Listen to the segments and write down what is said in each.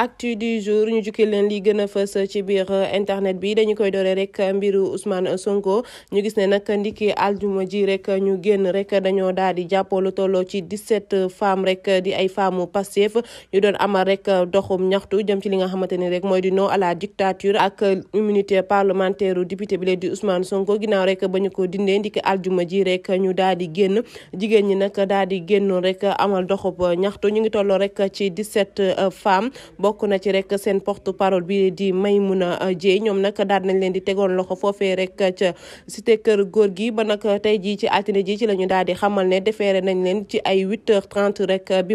actu du jour ñu jukki leen li gën a fës ci biir euh, internet bi dañu koy dooree rek mbiru usmaan Sonko ñu gis ne nag ndiki aljuma ji rek ñu génn rek dañoo daal di jàppoo lu tolloo ci 17 femmes rek di ay femmes Pastef ñu doon amal rek doxum ñaxtu jëm ci li nga xamante ni rek mooy di non à la dictature ak immunité parlementaire u député bi di Ousmane Sonko ginnaaw rek ba ñu ko dindee ndiki aljuma ji rek ñu daal di génn jigéen ñi nag daal di génnoon rek amal doxub ñaxtu ñu ngi tolloo rek ci 17 euh, femmes bokk na ci rek seen porte bi ba nag tey jii ci ji ci la ñu daal di xamal ne defeere nañ leen ci ay 8 h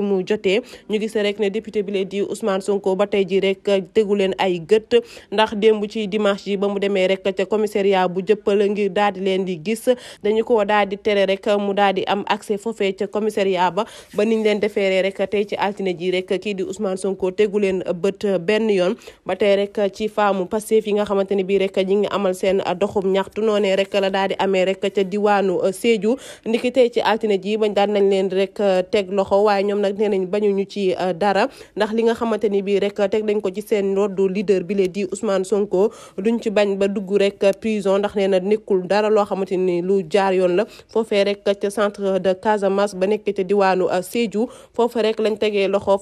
mu jotee ñu gis rek ne député bi lee di Ousmane Sonko ba tey ji rek tegu leen ay gët ndax démb ci dimanche ji ba mu demee rek ca commissariat bu jëppal ngir daal di leen di gis dañu ko daal di tere rek mu daal am accès foofee ca commissariat ba ba niñ leen defeeree rek tey ci altine ji rek kii di Ousmane Sonko tegu bët benn yoon ba tey rek ci faamu Pastef yi nga xamante ne bii rek ñi ngi amal seen doxum ñaxtu noone rek la daal di amee rek ca diwaanu Sédhiou ndiki tey ci altine ji bañ daan nañ leen rek teg loxo waaye ñoom nag nee nañ bañu ñu ci uh, dara ndax li nga xamante ni bii rek teg nañ ko ci seen roddu leader bi lee di Ousmane Sonko duñ ci bañ ba dugg rek prison ndax nee na nekkul dara loo xamante ni lu jaar yoon la foofe rek ca centre de Casamance ba nekk ca diwaanu uh, Sédhiou foofu lañ tegee loxo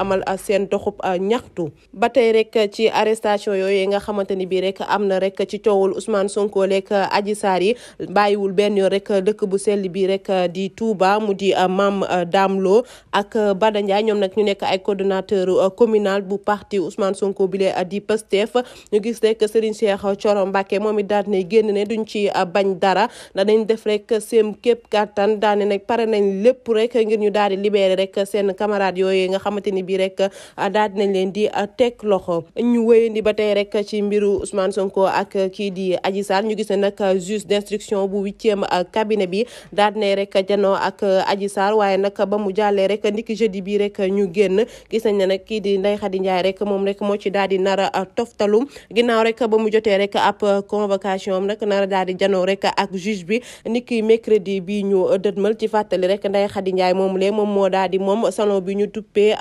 amal uh, seen doxub uh, ñaxtu ba tey rek uh, ci arrestation yooyu nga xamante ni bii rek am na rek ci coowul Ousmane Sonko lekk aji Sarr yi bàyyiwul benn yoon rek dëkk bu sell bi rek di Touba mu di Mame Dame Lo ak Bada Ndiaye ñoom nag ñu nekk ay coordonnateur communal bu parti Ousmane Sonko bile di Pastef ñu gis rek Serigne Cheikh Thioro Mbacké moom i daal ne génn ne duñ ci bañ dara danañ def rek seen képp kàttan daane nag pare nañ lépp rek ngir ñu daal di libérer rek bi rek ah, daal nañ leen di ah, teg loxo ñu wéyandi ba tey rek ci mbiru Ousmane Sonko ak kii di Adji Sarr ñu gis ne nag juge d'instruction bu huitième ah, cabinet bi daad nañ rek jano ak Adji Sarr waaye nag ba mu jaalee rek niki jeudi bi rek ñu génn gis nañ ne nag kii di Ndeye Khady Ndiaye rek moom rek moo ci daal di nar a toftalu ginnaaw rek ba mu jotee rek ab convocation am nag daal di janoo rek ak juge bi niki bi ñu dëtmal rek moom lee moom moom salon bi ñu tuppee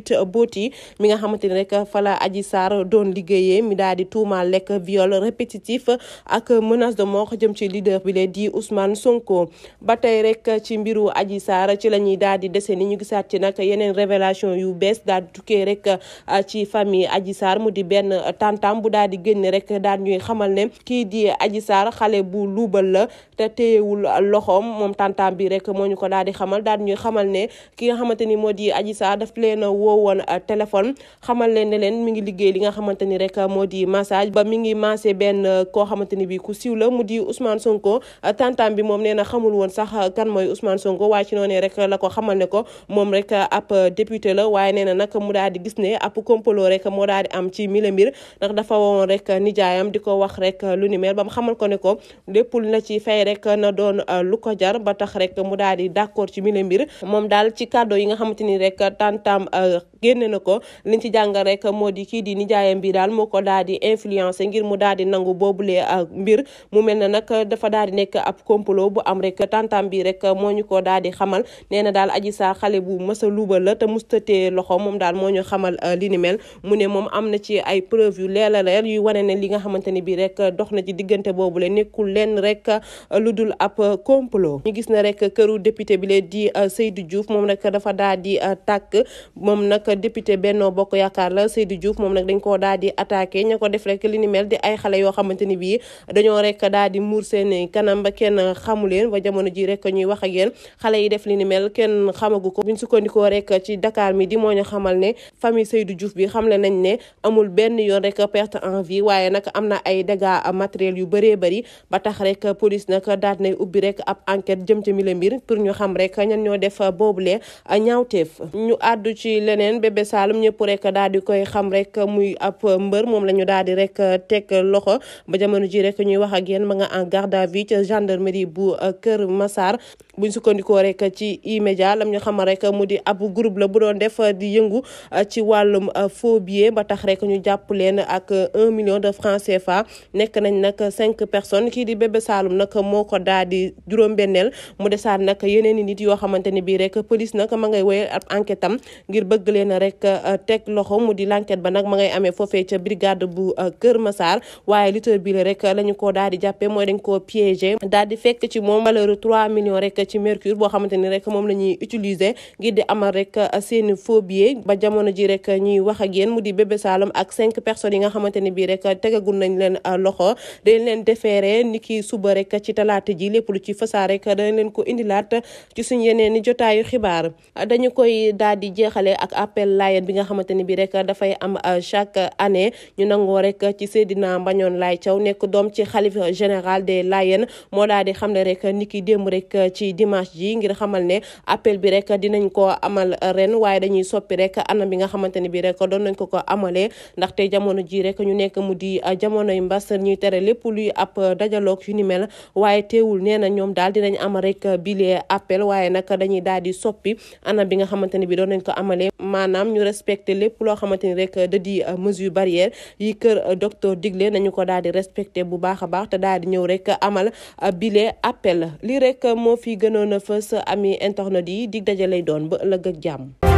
18 booti mi nga xamante ni rek fala Adji Sarr doon liggéeyee mi daal di tuumaal lekk viol répétitif ak menace de mort jëm ci leader bi lee di Ousmane Sonko ba tey rek ci mbiru aji Sarr ci la ñuy daal di dese ni ñu gisaat ci nag yeneen révélation yu bees daal di tukkee rek ah, ci famille Adji Sarr mu di benn tantam bu daal di génne rek daal ñuy xamal ne kii di Adji Sarr xale bu luubal la te téyewul loxoom moom tantam bi rek moo ñu ko daal xamal daal ñuy xamal ne ki nga xamante ni moo di Adji Sarr daf leen woo woon euh, téléphone xamal leen ne leen mi ngi liggéey li nga xamante ni rek euh, moo di massage ba mi ngi massé benn euh, koo xamante ni bi ku siiw la mu di Ousmane Sonko tantam bi moom nee na xamul woon sax kan mooy Ousmane Sonko waaye ci noonee rek la ko xamal ne ko moom rek ab député la waaye nee na nag mu daal di gis ne ab complot rek moo daal di am ci mille mbir ndax dafa woon rek nijaayam di ko wax rek lu ni ba mu xamal ko ne ko lépp lu na ci fay rek na doon lu ko jar ba tax rek mu daal di d'accord ci mille mbir moom génne na ko liñ ci jàng rek moo di kii di nijaayam bi daal moo ko daal di influence ngir mu daal di nangu boobulee ah, mbir mu mel ne nag dafa daal di nekk ab complot bu am rek tantam bi rek moo ñu ko daal di xamal nee daal aji saa xale bu mës a luubal la te mustatee loxo moom daal moo ñu xamal ah, li ni mel mu ne moom am na ci ay preuve yu leer a li nga xamante ni bii rek dox na ci diggante boobule nekkul lenn rek ah, lu dul ab complot ñu gis na rek këru député bi lee di Seydou Diouf moom rek dafa daal di moom nag député Benno Bokk Yaakaar la Seydou Diouf moom nag dañ ko daal di attaqué ña ko def rek li ni mel di ay xale yoo xamante ni bii dañoo rek daal di muur seen kanam ba kenn xamu leen ba jamono ji rek ñuy wax ak yéen xale yi def li ni kenn xamagu ko buñ sukkandikoo rek ci Dakar mi di moo ñu xamal ne famille Seydou jouf bi xamle nañ ne amul benn yoon rek perte envie waaye nag am na ay dégâts matériels yu bëree bëri ba tax rek police nag daal nay ubbi rek ab enquête jëm ci mille mbir pour ñu xam rek ñan ñoo def boobule ñaawteef ñu àddu ci leneen bébé Saloum ñëpp rek daal di koy xam rek muy ab mbër moom la daal di rek teg loxo ba jamono ji rek ñuy wax ak yéen ma nga en garde à vue ca gendarmerie bu Kër Massar buñ sukkandikoo rek ci immédiat lam ñu xamal rek mu di ab groupe la bu doon def di yëngu ci wàllum faux billet ba tax rek ñu jàpp leen ak un million de francs CFA nekk nañ nag cinq personnes kii di bébé Saloum nag moo ko daal di juróom-benneel mu desaat nag yeneen i nit yoo xamante ni bii rek police nag ma ngay woyal ab enquête am ngir bëgg bëgg leen rek euh, teg loxo mu di l'enquête ba nag ma ngay amee foofee ca brigade bu euh, Kër Massar waaye lutteur bi la rek la ñu ko daal di jàppee mooy dañ koo piégé daal di fekk ci moom valeur 3 millions rek ci mercure boo xamante ni rek moom la ñuy utiliser ngir di amal rek euh, seeni faux billets ba jamono ji rek ñuy wax mu di bébé Saloum ak cinq personnes yi nga xamante ni rek tegagul nañ leen loxo dañ leen defeere ni ki suba rek ci talaata ji lépp lu ci fasaa rek dañ leen ko indilaat ci suñ yeneen ni jotaayu xibaar ak appel layen bi nga xamante ni bi rek dafay am euh, chaque année ñu nangoo rek ci Seydina Mbañoon Laay Thiaw nekk doom ci xalif général des Layen moo daal di ni ki démb rek ci dimanche ji ngir xamal ne appel bi rek dinañ ko amal ren waaye dañuy soppi rek anam bi nga xamante ni bi rek doon nañ ko ko amalee ndaxte jamono ji rek ñu nekk mu di euh, jamonoy mbas ñuy tere lépp luy dajaloog yu ni mel waaye teewul nee na ñoom daal dinañ am rek bile appel waaye nag dañuy daal di soppi anam bi nga xamante bi doon nañ ko amalee maanaam ñu respecté lépp loo xamante ni rek di euh, mesure barrière yi kër euh, docteur digle nañu ko daal di respecté bu baax a baax te daal di ñëw rek amal euh, bile appel lii rek moo fi gënoon a fës ami internet yi di daje lay doon ba ëllëg ak jàmm.